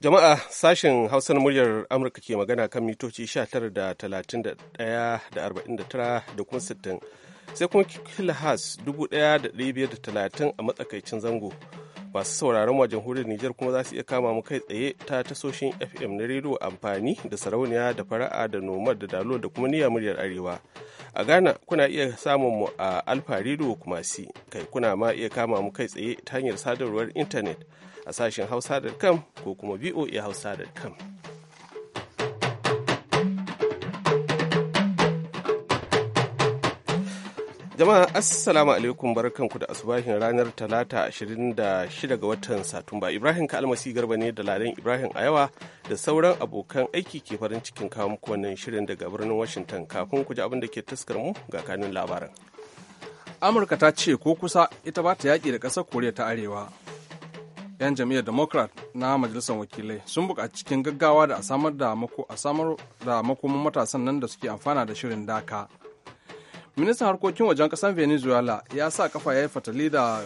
Jama'a sashen Hausa muryar Amurka ke magana kan mitoci 19 da kuma 60 sai kuma has 1530 a matsakaicin zango. Masu sauraron wajen jamhuriyar Nijar kuma za su iya kama mu kai tsaye ta tasoshin FM na rediyo amfani da sarauniya da fara'a da nomad da dalo da kuma niyyar muryar arewa. A Ghana kuna iya samun mu a Alfa rediyo kuma si kai kuna ma iya kama mu kai tsaye ta hanyar sadarwar intanet. a sashen hausa.com ko kuma voahausa.com. jama'a assalamu alaikum barkanku da asubahin ranar talata 26 ga watan satumba ibrahim kalmasi garba ne da ladan ibrahim a yawa da sauran abokan aiki ke farin cikin kawo muku wannan shirin daga birnin washington kafin ku ji abin da ke taskar mu ga kanin labaran amurka ta ce ko kusa ita ba ta yaƙi da ƙasar koriya ta arewa 'yan jam'iyyar democrat na majalisar wakilai sun buƙaci cikin gaggawa da a samar da makoman matasan nan da suke amfana da shirin daka ministan harkokin wajen ƙasar venezuela ya sa kafa ya yi fatali da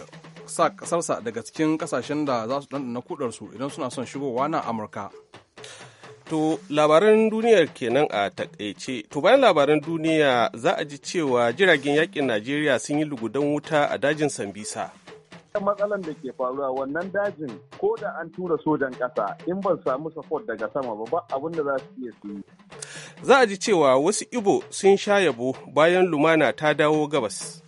sa kasarsa daga cikin kasashen da za su ɗanɗana kudarsu idan suna son shigowa na amurka To labaran duniyar kenan a takaice. To bayan labaran duniya za a ji cewa jiragen yakin Najeriya sun yi lugudan wuta a dajin Sambisa. matsalan da ke faruwa wannan dajin ko da an tura sojan ƙasa in ban samu support daga sama ba ba abin da za su iya su yi. Za a ji cewa wasu Ibo sun sha yabo bayan lumana ta dawo gabas.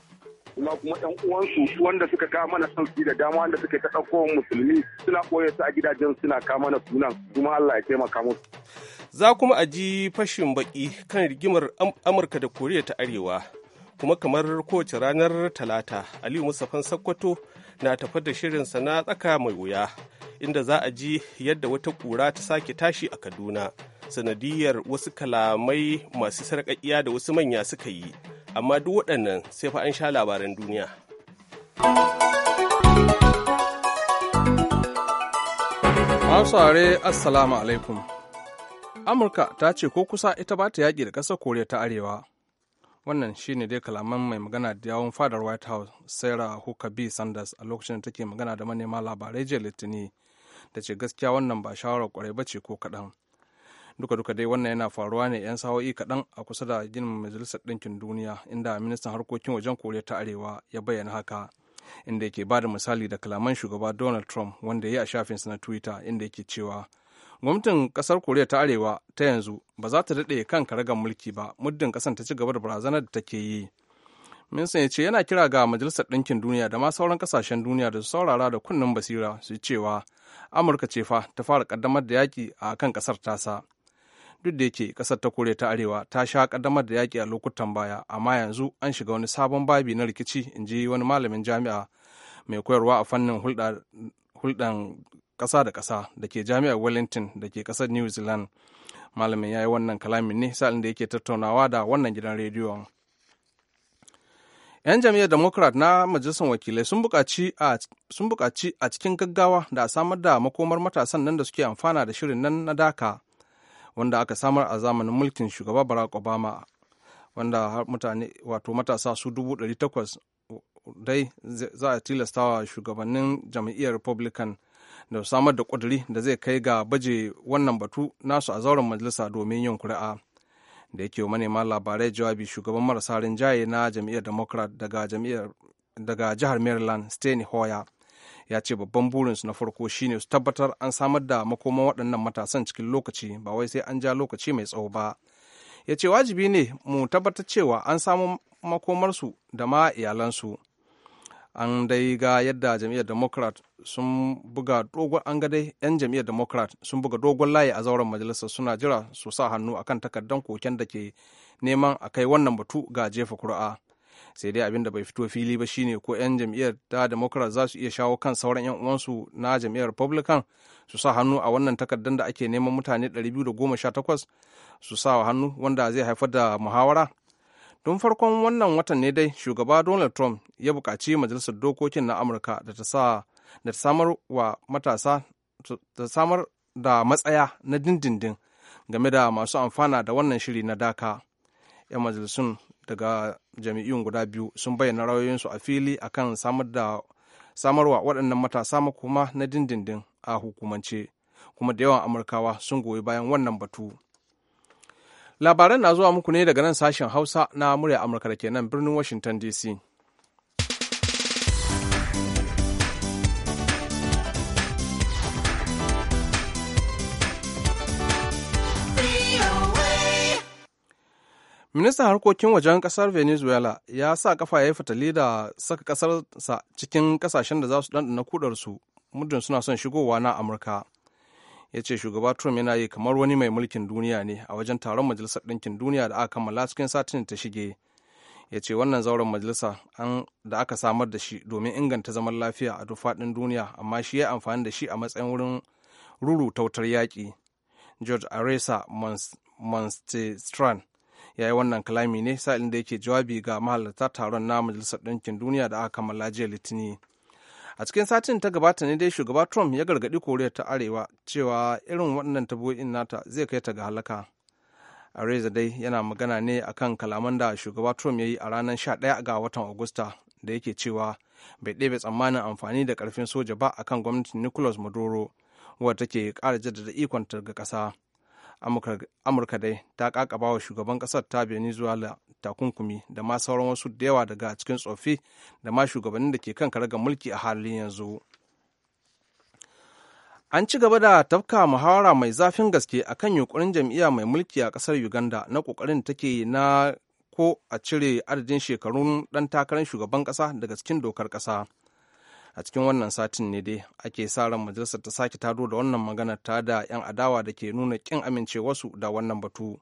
kuma kuma ɗan uwansu wanda suka kawo mana sauki da dama wanda suka ta ɗauko musulmi suna ɓoye su a gidajen suna kawo mana sunan kuma Allah ya taimaka musu. Za kuma a ji fashin baki kan rigimar Amurka da Koriya ta Arewa kuma kamar kowace ranar talata aliyu musafan sakkwato na tafar da shirinsa na tsaka mai wuya inda za a ji yadda wata kura ta sake tashi a kaduna sanadiyar wasu kalamai masu sarƙaƙiya da wasu manya suka yi amma duk waɗannan sai fa an sha labaran duniya Hausare Assalamu alaikum Amurka ta ce ko kusa ita ba ta yaƙi da ƙasar Koriya ta Arewa wannan shine dai kalaman mai magana da yawon fadar white house sarah huckabee sanders a lokacin da take magana da manema labarai jiya litini da ce gaskiya wannan ba shawarar kwarai ba ce ko kaɗan duka duka dai wannan yana faruwa ne 'yan sa'o'i kaɗan a kusa da ginin majalisar ɗinkin duniya inda ministan harkokin wajen koriya ta arewa ya bayyana haka inda yake ba da misali da kalaman shugaba donald trump wanda ya yi a shafinsa na twitter inda yake cewa gwamnatin kasar koriya ta arewa ta yanzu ba za ta daɗe kan karagar mulki ba muddin ƙasar ta ci gaba da barazanar da take yi minsan ya ce yana kira ga majalisar ɗinkin duniya da ma sauran kasashen duniya da su saurara da kunnen basira su cewa amurka ce fa ta fara ƙaddamar da yaƙi a kan ƙasar tasa duk da yake ƙasar ta koriya ta arewa ta sha ƙaddamar da yaƙi a lokutan baya amma yanzu an shiga wani sabon babi na rikici in ji wani malamin jami'a mai koyarwa a fannin hulɗan kasa da kasa da ke jami'ar wellington da ke ƙasar new zealand malamin ya yi wannan kalamin ne sa'in da yake tattaunawa da wannan gidan rediyon 'yan jam'iyyar democrat na majalisar wakilai sun buƙaci a cikin gaggawa da a samar da makomar matasan nan da suke amfana da shirin nan na daka wanda aka samar a zamanin mulkin shugaba barack obama wanda har mutane wato matasa su dubu ɗari takwas dai za a tilastawa shugabannin jam'iyyar republican da samar da ƙuduri da zai kai ga baje wannan batu nasu a zauren majalisa domin yin kuri'a da yake wa manema labarai jawabi shugaban marasa rinjaye na jam'iyyar democrat daga jihar maryland steny hoyer ya ce babban burinsu na farko shine su tabbatar an samar da makoman waɗannan matasan cikin lokaci ba wai sai an ja lokaci mai tsawo ba ya ce wajibi ne mu tabbatar cewa an samu makomarsu da ma iyalansu an dai ga yadda jam'iyyar democrat sun buga dogon an ga dai yan jam'iyyar democrat sun buga dogon layi a zauren majalisar suna jira su sa hannu akan takardan koken da ke neman a kai wannan batu ga jefa kuri'a sai dai abin da bai fito fili ba shine ko 'yan jam'iyyar ta democrat za su iya shawo kan sauran 'yan uwansu na jam'iyyar republican su sa hannu a wannan takardan da ake neman mutane 218 su sa hannu wanda zai haifar da muhawara Don farkon wannan watan ne dai shugaba Donald Trump ya buƙaci majalisar dokokin na Amurka da ta samar wa matasa ta samar da matsaya na dindindin game da masu amfana da wannan shiri na daka. 'Yan majalisun daga jami'in guda biyu sun bayyana su a fili akan samar da samarwa waɗannan matasa makoma na dindindin a hukumance kuma da yawan amurkawa sun goyi bayan wannan batu Labaran na zuwa muku ne daga nan sashen Hausa na murya Amurka da ke nan birnin Washington DC. Ministan harkokin wajen kasar Venezuela ya sa kafa ya yi fitali da saka kasarsa cikin kasashen da za su ɗanɗana kudarsu muddin suna son shigowa na Amurka. ya ce shugaba trump yana yi kamar wani mai mulkin duniya ne a wajen taron majalisar ɗinkin duniya da aka kammala cikin satin ta shige ya ce wannan zauren majalisa da aka samar da shi domin inganta zaman lafiya a duk faɗin duniya amma shi ya amfani da shi a matsayin wurin ruru tautar yaƙi george aresa monstestran ya yi wannan kalami ne sa'ilin da yake jawabi ga mahalarta taron na majalisar ɗinkin duniya da aka kammala jiya litinin a cikin satin ta gabata ne dai shugaba trump ya gargaɗi koriya ta arewa cewa irin waɗannan tabo'in nata zai kai ta ga halaka reza dai yana magana ne akan kalaman da shugaba trump ya yi a ranar 11 ga watan agusta da yake cewa bai ɗebe tsammanin amfani da ƙarfin soja ba akan gwamnatin nicholas maduro wadda take ƙara jaddada ikonta ga ƙasa amurka dai ta kakaba wa shugaban kasar ta venezuela takunkumi da ma sauran wasu da yawa daga cikin tsofi da ma shugabannin da ke kan karagar mulki a halin yanzu an ci gaba da tafka muhawara mai zafin gaske akan yunkurin jam'iyya mai mulki a kasar uganda na kokarin take na ko a cire adadin shekarun dan takarar shugaban kasa daga cikin dokar kasa a cikin wannan satin ne dai ake sa ran majalisar ta sake taro da wannan maganar ta da 'yan adawa da ke nuna kin amincewarsu da wannan batu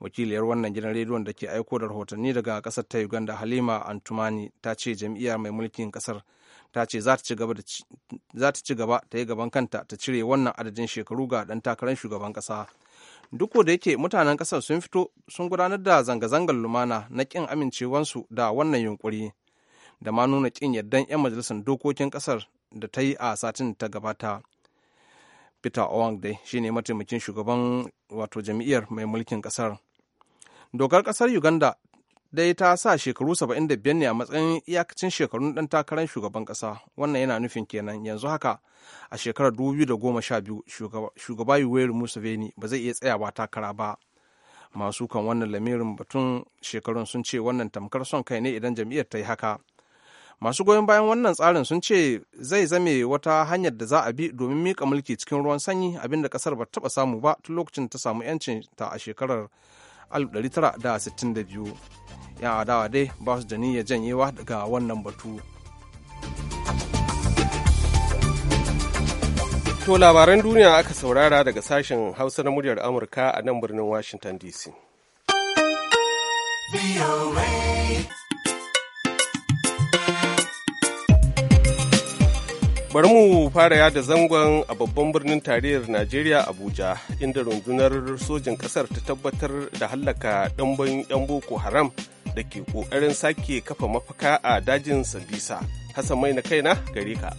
wakiliyar wannan gidan rediyon da ke aiko da rahotanni daga kasar ta uganda halima antumani ta ce jam'iyya mai mulkin kasar ta ce za ta ci gaba ta yi gaban kanta ta cire wannan adadin shekaru ga dan takarar shugaban kasa duk da yake mutanen kasar sun fito sun gudanar da zanga-zangar lumana na kin amincewansu da wannan yunkuri da ma nuna kin yardan 'yan majalisar dokokin ƙasar da ta yi a satin ta gabata peter owang dai shine mataimakin shugaban wato jam'iyyar mai mulkin kasar dokar ƙasar uganda dai ta sa shekaru 75 ne a matsayin iyakacin shekarun dan takarar shugaban kasa wannan yana nufin kenan yanzu haka a shekarar 2012 shugaba yuweri museveni ba zai iya tsayawa takara ba masu kan wannan lamirin batun shekarun sun ce wannan tamkar son kai ne idan jam'iyyar ta yi haka masu goyon bayan wannan tsarin sun ce zai zame wata hanyar da za a bi domin mika mulki cikin ruwan sanyi abinda kasar ba taba samu ba tun lokacin ta samu yancin ta a shekarar 1962 ya adawa dai ba su da niyyar janyewa daga wannan batu to labaran duniya aka saurara daga sashen hausa na muryar amurka a nan birnin washington dc Bari mu fara yada zangon a babban birnin tarayyar Najeriya Abuja, inda rundunar sojin ƙasar ta tabbatar da hallaka ɗanban 'yan Boko Haram da ke ƙoƙarin sake kafa mafaka a dajin Sambisa. Hassan mai na kaina gare ka.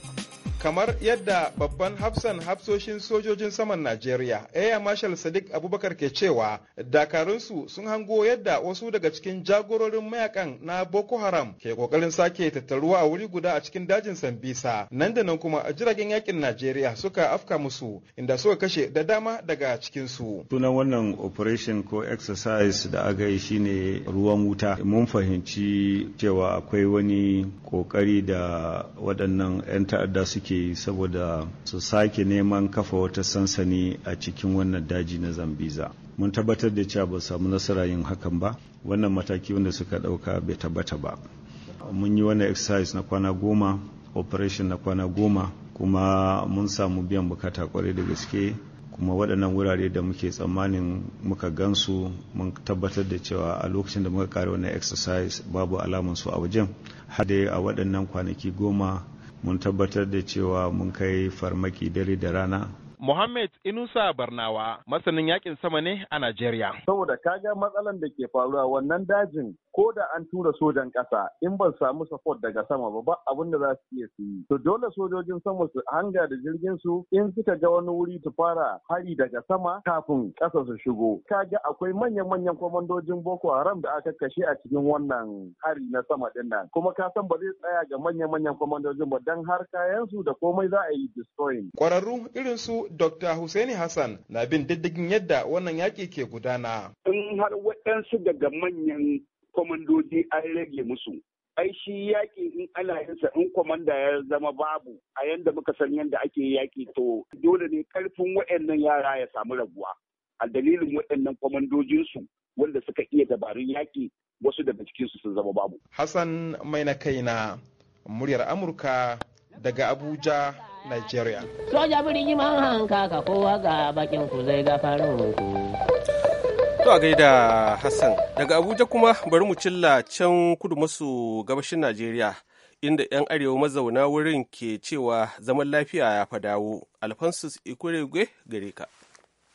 kamar yadda babban hafsan hafsoshin sojojin saman Najeriya Air Marshal Sadiq Abubakar ke cewa dakarunsu sun hango yadda wasu daga cikin jagororin mayakan na Boko Haram ke kokarin sake tattaruwa a wuri guda a cikin dajin Sambisa nan da nan kuma jiragen yakin Najeriya suka afka musu inda suka kashe da dama daga cikin su sunan wannan operation ko exercise da aka yi shine ruwan wuta mun fahimci cewa akwai wani kokari da waɗannan 'yan ta'adda suke ake saboda su sake neman kafa wata sansani a cikin wannan daji na zambiza mun tabbatar da cewa ba samu nasara yin hakan ba wannan mataki wanda suka ɗauka bai tabbata ba mun yi wannan exercise na kwana goma operation na kwana goma kuma mun samu biyan bukata kwarai da gaske kuma waɗannan wurare da muke tsammanin muka gansu mun tabbatar da cewa a lokacin da muka kare wannan exercise babu su a wajen har dai a waɗannan kwanaki goma mun tabbatar da cewa mun kai farmaki dare da rana Mohammed Inusa Barnawa masanin yakin sama ne a Najeriya. Saboda ka ga matsalan da ke faruwa wannan dajin ko da an tura sojan ƙasa in ban samu support daga sama ba ba abin da za su iya su yi. To dole sojojin sama su hanga da jirgin su in suka ga wani wuri su fara hari daga sama kafin ƙasa su shigo. Ka ga akwai manyan-manyan kwamandojin Boko Haram da aka kashe a cikin wannan hari na sama din nan. Kuma ka san ba zai tsaya ga manyan-manyan kwamandojin ba dan har kayan su da komai za a yi destroying. Kwararru irin su Dr. Hussaini Hassan na bin diddigin yadda wannan yaƙi ke gudana. In har waɗansu daga manyan kwamandoji an rage musu. Ai shi yaƙi in ana in kwamanda ya zama babu a yanda muka san yanda ake yaƙi to dole ne ƙarfin waɗannan yara ya samu rabuwa. A dalilin waɗannan kwamandojinsu wanda suka iya dabarun yaƙi wasu daga cikinsu sun zama babu. Hassan mai na kaina muryar Amurka daga Abuja, Nigeria. Soja birni man hanka kowa ga bakin ku zai ga To a gaida Hassan, daga Abuja kuma bari mu cilla can kudu maso gabashin Najeriya. Inda 'yan arewa mazauna wurin ke cewa zaman lafiya ya fa dawo, Alphonsus Ikweregwe gare ka.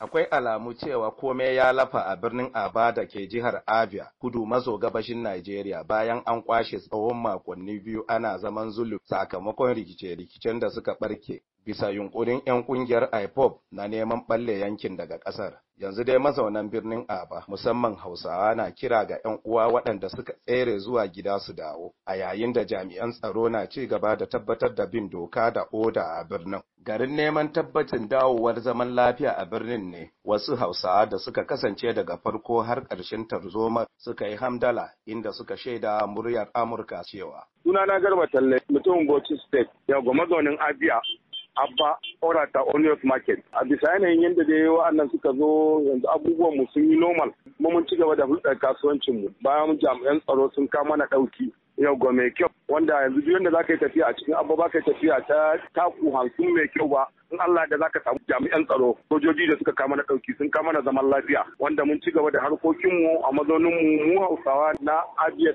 Akwai alamu cewa komai ya lafa a birnin Aba da ke jihar Abia, kudu maso gabashin Najeriya bayan an kwashe tsawon makonni biyu ana zaman zulu sakamakon rikice-rikicen da suka barke bisa yunkurin 'yan kungiyar IPOP na neman balle yankin daga ƙasar. Yanzu dai mazaunan birnin Aba, musamman Hausawa na kira ga 'yan uwa waɗanda suka tsere zuwa gida su dawo, a yayin da jami'an tsaro na ci gaba da tabbatar da bin doka da oda a birnin. garin neman tabbacin dawowar zaman lafiya a birnin ne wasu hausawa da suka kasance daga farko har ƙarshen tarzoma suka yi hamdala inda suka shaida muryar amurka cewa sunana garba talle mutum bauchi state ya goma abia abba orata onios market a bisa yanayin yadda da wa'annan suka zo yanzu abubuwan mu sun yi normal kuma mun ci gaba da hulɗar kasuwancin mu bayan jami'an tsaro sun kama na ɗauki yau yauwa mai kyau wanda yanzu duk yadda za ka yi tafiya a cikin abu ba ka yi tafiya ta taku hamsin mai kyau ba in Allah da zaka samu jami'an tsaro sojoji da suka kama na ɗauki sun kama na zaman lafiya wanda mun ci gaba da harkokinmu a mazaunin mu mu Hausawa na Abia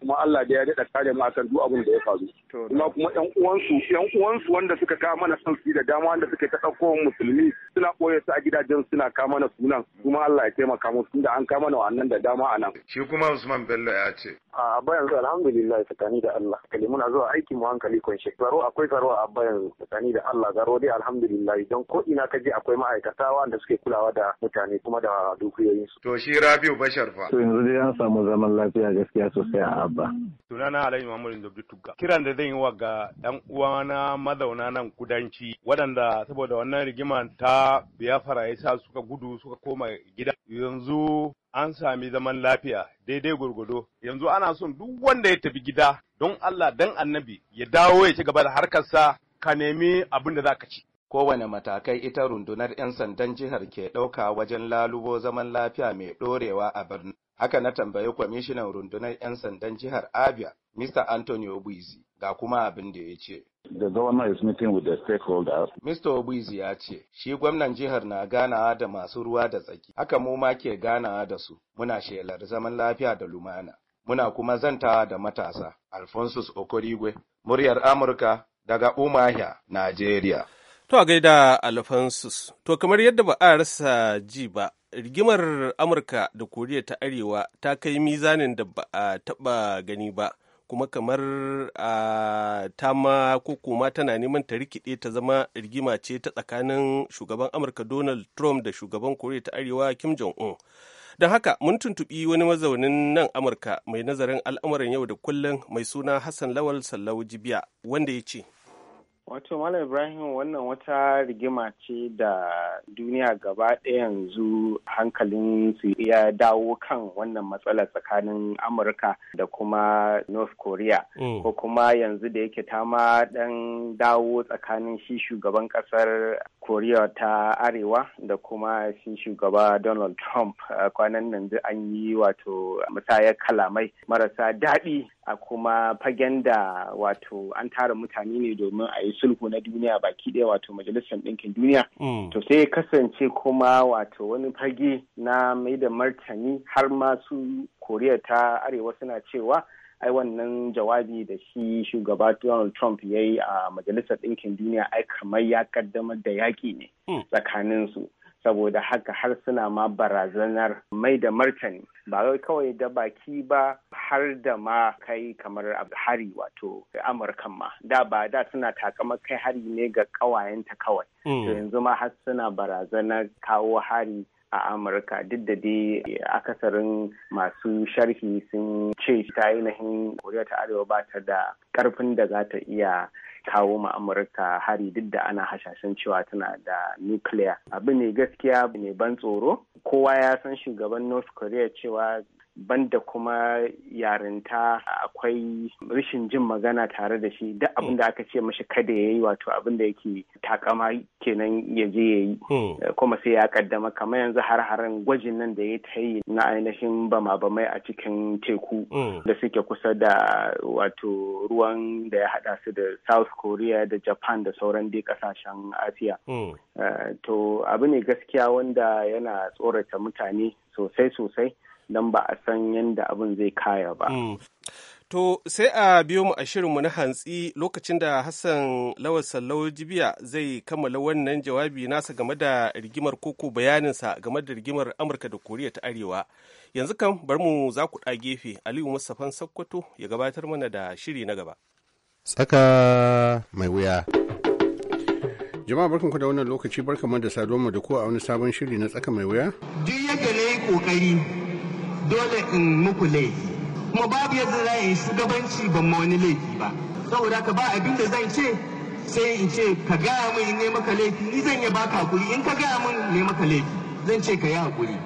kuma Allah da ya daɗa kare mu akan duk abin da ya faru kuma kuma ƴan uwansu ƴan uwansu wanda suka kama na sauki da dama wanda suke ta ɗauko musulmi suna ɓoye su a gidajen suna kama na sunan kuma Allah ya taimaka musu da an kama na wannan da dama a nan shi kuma Usman Bello ya ce a bayan yanzu alhamdulillah tsakani da Allah kalimuna zuwa aiki mu hankali kunshe tsaro akwai tsaro a bayan yanzu tsakani da Allah garo dai alhamdulillah alhamdulillah don ko ina ka je akwai ma'aikata wanda suke kulawa da mutane kuma da dukiyoyinsu. To shi Rabiu Bashar fa. To yanzu dai an samu zaman lafiya gaskiya sosai a Abba. Sunana Alhaji Muhammadu Dabdu Tugga. Kiran da zan yi wa ga ɗan uwana mazauna nan kudanci waɗanda saboda wannan rigiman ta biyafara ya sa suka gudu suka koma gida. Yanzu an sami zaman lafiya daidai gurgudo yanzu ana son duk wanda ya tafi gida don Allah dan annabi ya dawo ya ci gaba da harkarsa ka nemi abin da za ka ci kowane matakai ita rundunar 'yan sandan jihar ke ɗauka wajen lalubo zaman lafiya mai ɗorewa a birnin. Haka na tambayi kwamishinan rundunar 'yan sandan jihar Abia, Mr. Anthony Obuizi, ga kuma abin da ya ce. The governor is meeting with the stakeholders. Mr. Obuizi ya ce, shi gwamnan jihar na ganawa da masu ruwa da tsaki, haka mu ma ke ganawa da su, muna shelar zaman lafiya da lumana. Muna kuma zantawa da matasa, Alphonsus Okorigwe, muryar Amurka daga Umahia, Najeriya. To a gaida alfonsus to kamar yadda ba a rasa ji ba, rigimar Amurka da Koriya ta Arewa ta kai mizanin da ba a taɓa gani ba, kuma kamar a ta ma ko kuma tana neman ta rikide ta zama rigima ce ta tsakanin shugaban Amurka Donald Trump da shugaban Koriya ta Arewa Kim Jong-un. Don haka mun tuntuɓi wani mazaunin nan Amurka mai nazarin al'amuran yau da kullum mai suna Hassan Lawal Sallau Jibiya wanda ya ce. Wato Malam Ibrahim wannan wata rigima ce da duniya gaba ɗaya yanzu hankalin su ya dawo kan wannan matsala tsakanin Amurka da kuma North Korea. Mm. Ko kuma yanzu da yake ta ma ɗan dawo tsakanin shi shugaban ƙasar koriya ta arewa da kuma shi shugaba donald trump kwanan nan an yi wato musayar kalamai marasa daɗi a kuma fagen da wato an tara mutane ne domin a yi sulhu na duniya baki ɗaya wato majalisar ɗinkin duniya mm. to sai kasance kuma wato wani fage na mai da martani har masu koriya ta arewa suna cewa ai wannan jawabi da shi shugaba donald trump ya yi a majalisar ɗinkin duniya ai kamar ya kaddamar da yaƙi ne hmm. tsakanin su saboda haka har suna ma barazanar mai da martani ba kawai da baki ba har da ma kai kamar hari wato amurkan ma da ba da suna takama kai hari ne ga kawayenta kawai hmm. to yanzu ma har suna barazanar kawo hari a amurka duk da dai akasarin masu sharhi sun ce ta ainihin koriya ta arewa ba ta da karfin da za ta iya kawo ma amurka hari duk da ana hashashen cewa tana da nukiliya abu ne gaskiya ne ban tsoro kowa ya san shugaban north korea cewa banda kuma yarinta akwai rashin jin magana tare da shi duk abin da aka ce mashi kada ya yi wato abin da yake takama kenan ya je ya yi hmm. eh, kuma sai ya kaddama kamar yanzu har haren gwajin nan da ya ta yi na ainihin bama bamai a cikin teku hmm. da suke kusa da wato ruwan da ya hada su da south korea da japan da sauran dai kasashen asiya hmm. eh, to abu ne gaskiya wanda yana tsorata mutane sosai sosai don ba a san yadda abin zai kaya ba. Mm. To sai a biyo mu a shirinmu na hantsi lokacin da Hassan Lawal Sallau Jibiya zai kammala wannan jawabi nasa game da rigimar koko bayaninsa game da rigimar Amurka da Koriya ta Arewa. Yanzu kan bar mu za ku ɗa gefe Aliyu Mustapha Sakkwato ya gabatar mana da shiri na gaba. Tsaka mai wuya. Jama'a barkanku da wannan lokaci barkanmu da saduwa da ku a wani sabon shiri na tsaka mai wuya. Duk yadda na yi ƙoƙari dole in muku laifi kuma babu yadda za yi shugabanci ban ma wani laifi ba saboda ka ba abin da zan ce sai in ce ka gaya min in ne maka laifi ni zan yi baka hakuri in ka gaya min ne maka laifi zan ce ka yi hakuri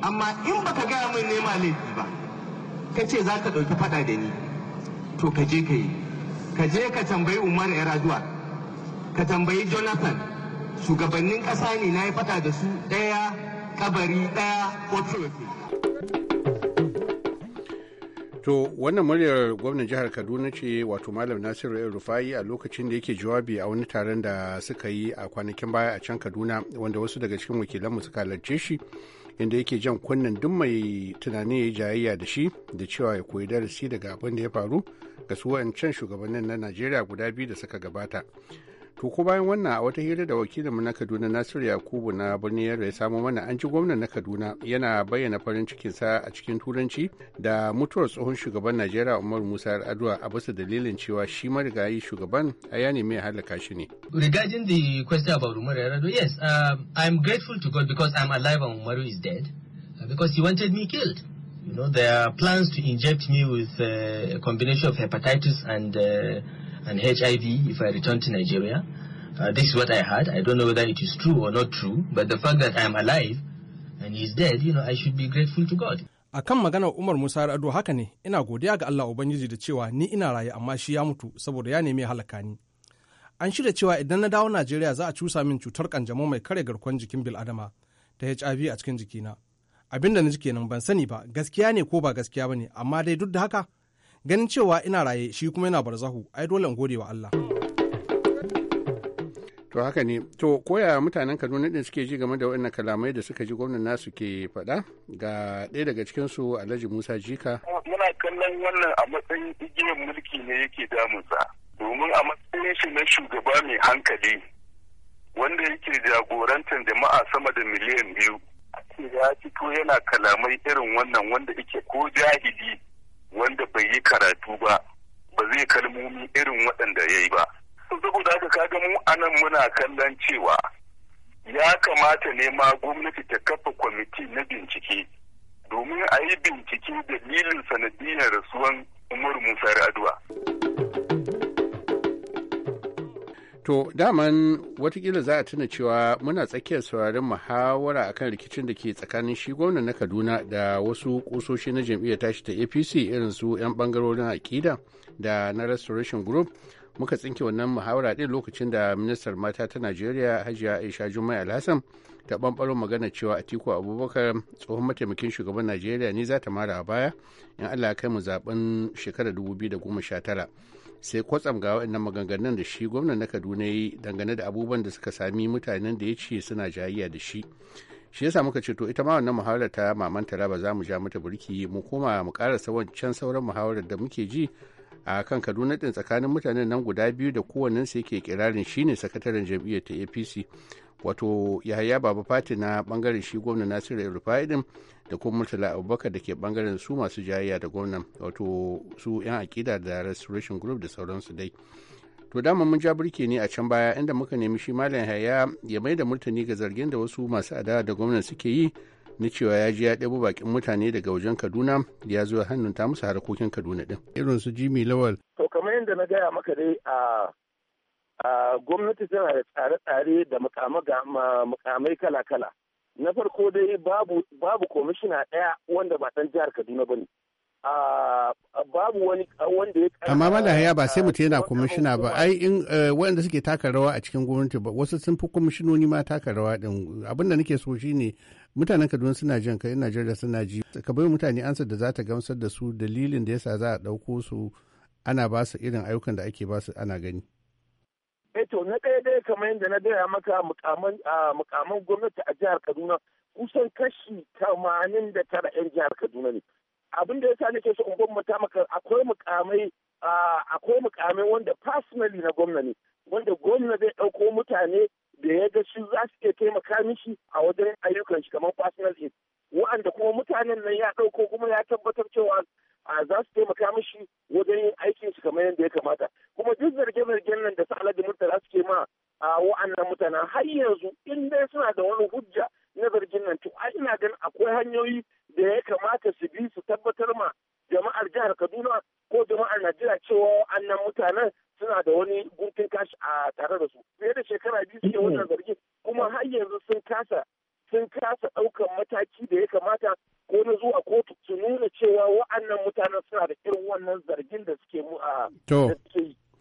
amma in baka gaya min ne laifi ba ka ce za ka ɗauki faɗa da ni to ka je ka yi ka je ka tambayi umar yaraduwa ka tambayi jonathan shugabannin ƙasa ne na yi faɗa da su ɗaya kabari ɗaya wato To wannan muryar gwamnan jihar Kaduna ce wato Malam Nasiru El Rufai a lokacin da yake jawabi a wani taron da suka yi a kwanakin baya a can Kaduna wanda wasu daga cikin wakilanmu suka halarce shi inda yake jan kunnen duk mai tunani ya yi jayayya da shi da cewa ya koyi darasi daga abin da ya faru ga su wancan shugabannin na Najeriya guda biyu da suka gabata. To ko bayan wannan a wata hira da wakilinmu na Kaduna Nasiru Yakubu na birnin Yaro ya samo mana an ji gwamnan na Kaduna yana bayyana farin cikinsa a cikin turanci da mutuwar tsohon shugaban Najeriya Musa a bisa dalilin cewa shi marigayi shugaban a halaka shi ne. Regarding the question about Umar yes, um, I'm grateful to God because I'm alive and Umaru is dead uh, because he wanted me killed. You know, there are plans to inject me with uh, a combination of hepatitis and uh, and HIV if I return to Nigeria. Uh, this is what I had. I don't know whether it is true or not true, but the fact that I am alive and he is dead, you know, I should be grateful to God. A kan maganar Umar Musa Ado haka ne, ina godiya ga Allah Ubangiji da cewa ni ina raye amma shi ya mutu saboda ya nemi halaka ni. An shirya cewa idan na dawo Najeriya za a cusa min cutar kanjamau mai kare garkuwar jikin bil'adama ta HIV a cikin jikina. Abin da na ji kenan ban sani ba, gaskiya ne ko ba gaskiya ba ne, amma dai duk da haka ganin cewa ina raye shi kuma yana barzahu ai dole in gode wa Allah to haka ne to koya mutanen kaduna din suke ji game da waɗannan kalamai da suka ji gwamnati nasu ke faɗa ga ɗaya daga cikin su alhaji musa jika muna kallon wannan a matsayin igiyar mulki ne yake damunsa domin a matsayin shi na shugaba mai hankali wanda yake jagorantar jama'a sama da miliyan biyu ya fito yana kalamai irin wannan wanda yake ko jahili wanda bai yi karatu ba ba zai kalmomi irin waɗanda ya yi ba saboda haka kaga mu anan muna kallon cewa ya kamata ne ma gwamnati ta kafa kwamiti na bincike domin a yi bincike dalilin sanadiyar rasuwan umar To daman watakila za a tuna cewa muna tsakiyar sauraron muhawara a kan rikicin da ke tsakanin shi gwamnan na Kaduna da wasu kusoshi na jam'iyyar tashi ta APC irin su 'yan bangarorin aƙida da na Restoration Group. Muka tsinke wannan muhawara ɗin lokacin da ministar mata ta Najeriya Hajiya Aisha juma'i Alhassan ta ɓanɓaro magana cewa Atiku Abubakar tsohon mataimakin shugaban Najeriya ne za ta mara a baya in Allah ya kai mu zaben shekarar 2019. sai kwatsam ga waɗannan maganganun da shi gwamnan na kaduna ya yi dangane da abubuwan da suka sami mutanen da ya ce suna jayayya da shi shi yasa muka ce to ita ma wannan muhawarar ta maman taraba za mu ja mata burki mu koma mu karasa wancan sauran muhawarar da muke ji a kan kaduna din tsakanin mutanen nan guda biyu da kowannen sai yake kirarin shine sakataren jam'iyyar ta apc wato yahaya baba fati na bangaren shi gwamna nasiru rufai da kuma murtala abubakar da ke bangaren su masu jayayya da gwamnan wato su yan akida da restoration group da sauransu dai to dama mun ja burke ne a can baya inda muka nemi shi malam yahaya ya mai da murtani ga zargin da wasu masu adawa da gwamna suke yi na cewa ya ji ya ɗabo bakin mutane daga wajen kaduna ya zo hannun ta musu harkokin kaduna din irin su jimi lawal to kamar yadda na gaya maka dai a gwamnati tana da tsare-tsare da mukamai kala-kala na farko dai babu komishina ɗaya wanda ba san jihar kaduna ba ne babu wani wanda ya amma haya ba sai mutum yana kwamishina ba ai in eh, waɗanda suke taka rawa a cikin gwamnati ba wasu sun fi kwamishinoni ma taka rawa din abinda nake so shine mutanen kaduna suna jin ka ina jira suna ji ka bai mutane ansa da za ta gamsar da su dalilin da yasa za a ɗauko su ana ba su irin ayyukan da ake ba su ana gani eh to na ɗaya ɗaya kamar yadda na gaya maka mukaman gwamnati a jihar kaduna kusan kashi tamanin da tara 'yan jihar kaduna ne abin da ya sa nake so in gwamnati maka akwai mukamai akwai mukamai wanda personally na gwamna ne wanda gwamna zai ɗauko mutane da ya ga shi za su iya taimaka mishi a wajen ayyukan shi kamar personal aid wa'anda kuma mutanen nan ya ɗauko kuma ya tabbatar cewa za su taimaka mishi wajen yin aikin su kamar yadda ya kamata kuma duk zarge-zargen nan da su alhaji murtala suke ma a wa'annan mutanen har yanzu in dai suna da wani hujja na zargin nan to ai ina ganin akwai hanyoyi da ya kamata su bi su tabbatar ma jama'ar jihar kaduna ko jama'ar najeriya cewa wa'annan mutanen suna da wani guntun kashi a tare da su fiye da shekara biyu suke wannan zargin kuma har yanzu sun kasa sun kasa ɗaukan mataki da ya kamata ko na zuwa kotu su nuna cewa wa'annan mutanen suna da irin wannan zargin da suke mu a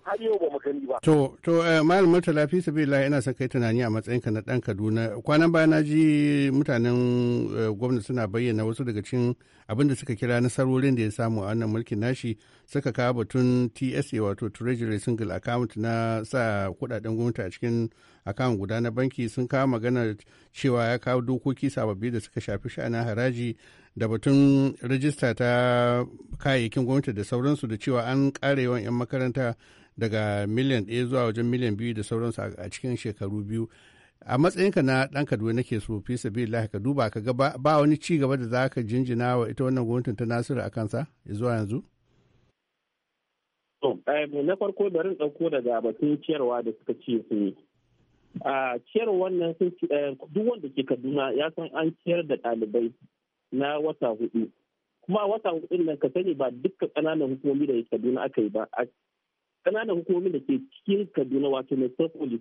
har yau ba gani ba. To, to, eh, Malam Murtala fi sabila yana son kai tunani a matsayinka na ɗan Kaduna. Kwanan baya na ji mutanen eh, gwamnati suna bayyana wasu daga cikin abin da suka kira nasarorin da ya samu a wannan mulkin nashi suka kawo batun TSA wato Treasury Single Account na sa kuɗaɗen gwamnati a cikin akawun guda na banki sun kawo magana cewa ya kawo dokoki sababbi da suka shafi sha'anin haraji da batun rajista ta kayayyakin gwamnati da sauransu da cewa an ƙara yawan 'yan makaranta daga miliyan ɗaya zuwa wajen miliyan biyu da sauransu a cikin shekaru biyu a matsayinka na ɗan Kaduna nake so fi lahi ka duba ka ga ba wani ci gaba da za ka jinjina wa ita wannan gwamnatin ta Nasiru a kansa zuwa yanzu? Eh, na farko bari ɗauko daga batun ciyarwa da suka ci sun yi. A ciyar wannan eh, duk wanda ke Kaduna ya san an ciyar da ɗalibai na wata hudu. Kuma wata hudu nan ka sani ba dukkan ƙananan hukumomi da ke Kaduna aka yi ba. ƙananan hukumomin da ke cikin kaduna wato metropolis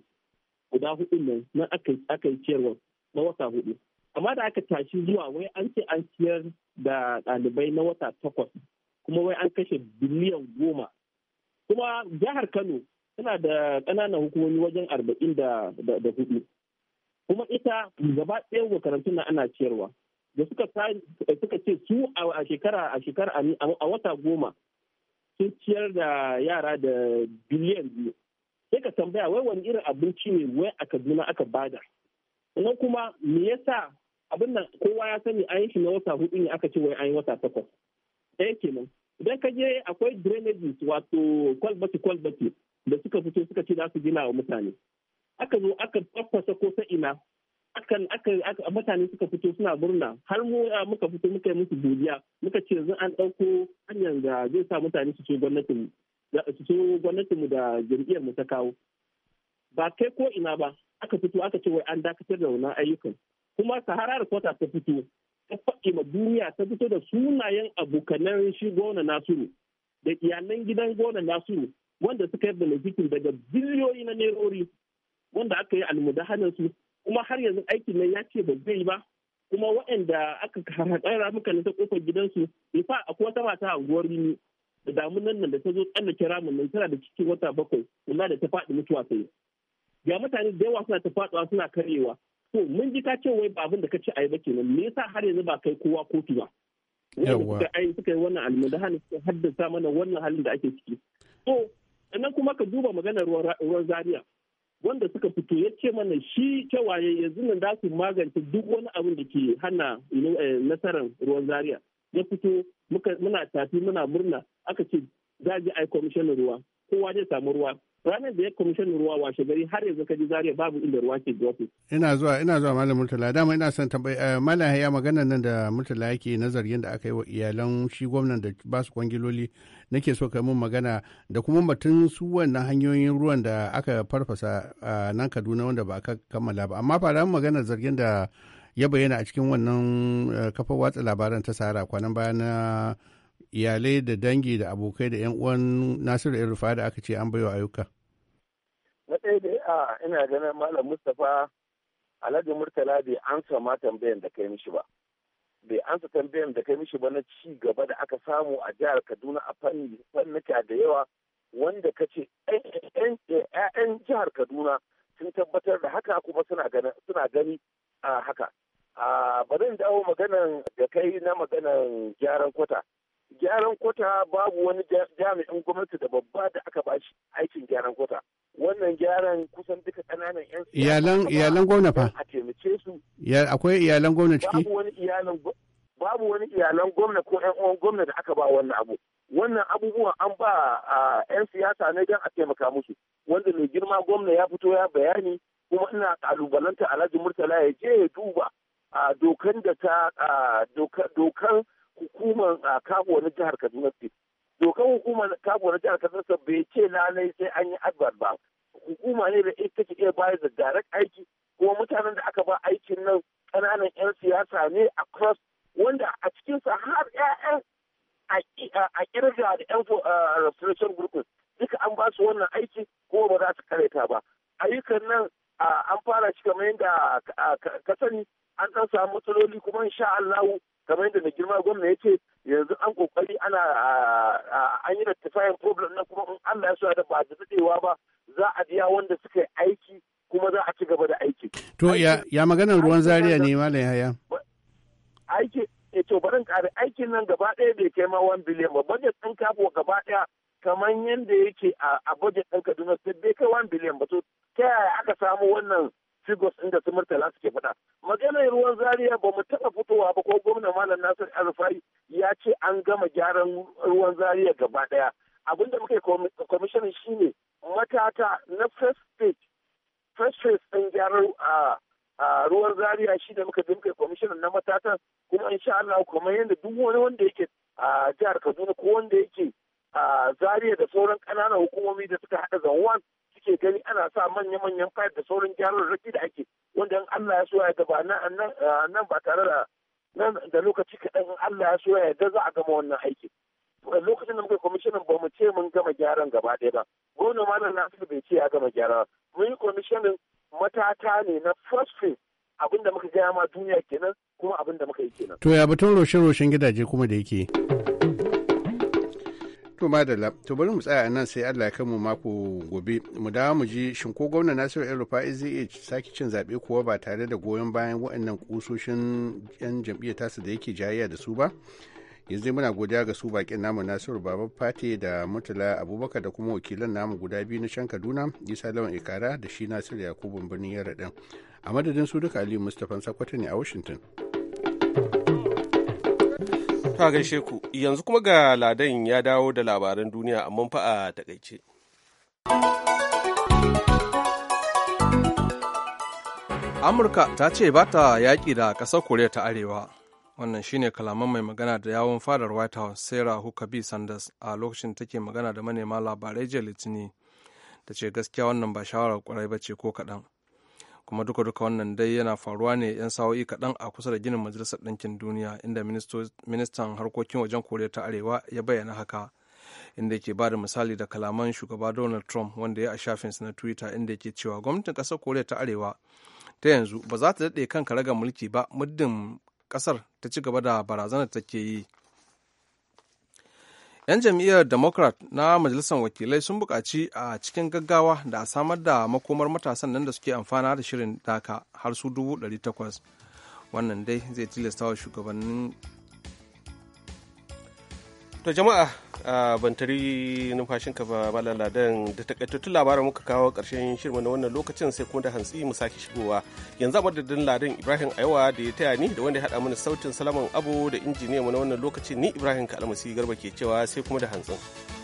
guda hudu nan na aka yi ciyarwa na wata hudu amma da aka tashi zuwa wai an ce an ciyar da ɗalibai na wata takwas kuma wai an kashe biliyan goma kuma jihar kano tana da ƙananan hukumomi wajen arba'in da hudu kuma ita gaba ɗaya makarantun na ana ciyarwa da suka ce su a shekara a shekara a wata goma sun ciyar da yara da biliyan biyu sai ka tambaya wai wani irin abinci ne wai a kaduna aka bada sannan kuma me yasa abin nan kowa ya sani an yi shi na wata hudu ne aka ce wai an yi wata takwas ɗaya kenan idan ka je akwai drainages wato kwalbati kwalbati da suka fito suka ce za su gina wa mutane aka zo aka tsaffasa ko ta ina akan mutane suka fito suna murna har mu muka fito muka yi musu godiya muka ce yanzu an ɗauko hanyar da zai sa mutane su ce gwamnatin su gwamnatinmu da jam'iyyar mu ta kawo ba kai ko ina ba aka fito aka ce wai an dakatar da wannan ayyukan kuma sahara reporter ta fito ta faɗi ma duniya ta fito da sunayen abokanan shi gona nasiru da iyalan gidan gona nasiru wanda suka yi benefitin daga biliyoyi na nerori wanda aka yi almudahanansu su kuma har yanzu aikin nan ya ce ba zai ba kuma waɗanda aka haɗa ramuka na ta kofar gidansu fa kuma wata mata a unguwar rimi da damunan nan da ta zo tsallake ramin nan tana da cikin wata bakwai kula da ta faɗi mutuwa sai ya mutane da yawa suna ta faɗuwa suna karyewa to mun ji ka ce wai ba abin da ka ce a yi ba kenan me yasa har yanzu ba kai kowa kotu ba yawa suka ai suka yi wannan almudahan suka haddasa mana wannan halin da ake ciki to sannan kuma ka duba maganar ruwan zaria wanda suka fito ya ce mana shi cewa yanzu nan za su magance duk wani abin da ke hana eh, nasarar ruwan zaria ya fito muna tafi muna murna aka ce za a ai kwamishin ruwa kowa zai samu ruwa ranar da ya kwamishin ruwa washe gari har yanzu ka ji zariya babu inda ruwa ke jofi. ina zuwa ina zuwa malam murtala dama ina son tambayi eh, malam ya magana nan da murtala yake na zargin da aka yi wa iyalan shi gwamnan da ba su kwangiloli nake so ka mun magana da kuma batun su wannan hanyoyin ruwan da aka farfasa a nan kaduna wanda ba aka kammala ba amma fara magana zargin da ya bayyana a cikin wannan eh, kafar watsa labaran ta sahara kwanan baya na iyalai da dangi da abokai da 'yan uwan nasiru irufa da aka ce an baiwa ayyuka na ɗaya dai a ina ganin malam mustapha alhaji murtala bai ansa ma tambayan da kai mishi ba bai ansa tambayan da kai mishi ba na ci gaba da aka samu a jihar kaduna a fannuka da yawa wanda ka ce jihar kaduna sun tabbatar da haka kuma suna gani a haka ba zan dawo maganan da kai na maganan gyaran kwata gyaran kwata babu wani jami'in gwamnati da babba da aka ba shi aikin gyaran kwata wannan gyaran kusan duka ƙananan 'yan iyalan iyalan gwamna fa a taimake su akwai iyalan gwamna ciki babu wani iyalan babu wani iyalan gwamna ko 'yan uwan gwamna da aka ba wannan abu wannan abubuwan an ba a 'yan siyasa ne don a taimaka musu wanda mai girma gwamna ya fito ya bayani kuma ina kalubalanta alhaji murtala ya je ya duba a dokan da ta dokan hukumar kabo na jihar kaduna state dokan hukumar kabo na jihar kaduna state bai ce lalai sai an yi advert ba hukuma ne da ita ke iya bayar da direct aiki kuma mutanen da aka ba aikin nan ƙananan 'yan siyasa ne a cross wanda a cikinsa har 'ya'yan a kirga da 'yan restoration group duka an ba su wannan aiki kuma ba za su kareta ba ayyukan nan an fara shi kamar yadda ka sani an ɗan samu matsaloli kuma sha Allah kamar yadda mai girma gwamna ya ce yanzu an kokari ana an yi rectifying problem na kuma in Allah ya so da ba da dadewa ba za a biya wanda suka yi aiki kuma za a ci gaba da aiki. To ya ya maganar ruwan zaria ne malam yaya. Aiki ya eh, to barin kare aikin nan gaba ɗaya bai kai ma 1 biliyan ba budget ɗin kafo gaba ɗaya kamar yadda yake a budget ɗin Kaduna State bai kai 1 biliyan ba to ta yaya aka samu wannan figures ɗin da su ke suke faɗa maganar ruwan zaria ba mu taɓa fitowa ba ko gwamna malam nasir alfai ya ce an gama gyaran ruwan zaria gaba ɗaya abin da muka yi kwamishinan shine matata na first stage first phase ɗin gyaran ruwan zaria shi da muka dinka kwamishinan na matata kuma insha Allah kuma yadda duk wani wanda yake a jihar Kaduna ko wanda yake a Zaria da sauran ƙananan hukumomi da suka haɗa wan. kake gani ana sa manya-manyan fayil da sauran gyararraki da ake wanda in Allah ya so ya gaba nan ba tare da nan da lokaci kaɗan in Allah ya so ya yarda za a gama wannan aikin. Lokacin da muka kwamishinan ba mu ce mun gama gyaran gaba ɗaya ba. Gwamna na Nasiru bai ce ya gama gyara. Mun yi kwamishinan matata ne na first phase abinda muka gaya ma duniya kenan kuma abinda muka yi kenan. To ya batun roshin roshin gidaje kuma da yake. To madalla, to bari mu tsaya nan sai Allah ya kai mu mako gobe. Mu dawo mu ji shin ko gwamna Nasiru El Rufai zai sake cin zaɓe kuwa ba tare da goyon bayan waɗannan kusoshin 'yan jam'iyyar tasu da yake jayayya da su ba? Yanzu muna godiya ga su bakin namu Nasiru Baba Fati da mutula Abubakar da kuma wakilan namu guda biyu na shan Kaduna, Isa Lawan Ikara da shi Nasiru Yakubu Birnin Yara ɗin. A madadin su duka Aliyu Mustapha Sakwato ne a Washington. Ta gaishe ku, yanzu kuma ga Ladan ya dawo da labaran duniya amma fa a takaice. Amurka ta ce ba ta yaƙi da ƙasar Koriya ta Arewa. Wannan shine kalaman mai magana da yawon fadar White House Sarah Huckabee Sanders a lokacin take magana da manema labarai jiya Litinin da ce gaskiya wannan ba shawarar kwarai ba ce ko kaɗan. kuma duka duka wannan dai yana faruwa ne yan sa'o'i kaɗan a kusa da ginin majalisar ɗinkin duniya inda ministan harkokin wajen koriya ta arewa ya bayyana haka inda yake ba da misali da kalaman shugaba donald trump wanda ya a shafinsa na twitter inda yake cewa gwamnatin ƙasar koriya ta arewa ta yanzu ba za ta daɗe kanka raga mulki ba muddin ƙasar ta ci gaba da barazanar take yi 'Yan jam'iyyar Democrat na Majalisar Wakilai sun buƙaci a cikin gaggawa da a samar da makomar matasan nan da suke amfana da shirin daka har su dubu ɗari Wannan dai zai tilasta wa shugabannin to jama'a a bantari numfashinka ba malala da takaitattun labarin muka kawo karshen shirin na wannan lokacin sai kuma da hantsi mu sake shigowa yanzu a madadin ladan ibrahim aiwa da ya taya ni da wanda ya haɗa mana sautin salaman abu da injiniya mu na wannan lokacin ni ibrahim kalmasi garba ke cewa sai kuma da hantsin.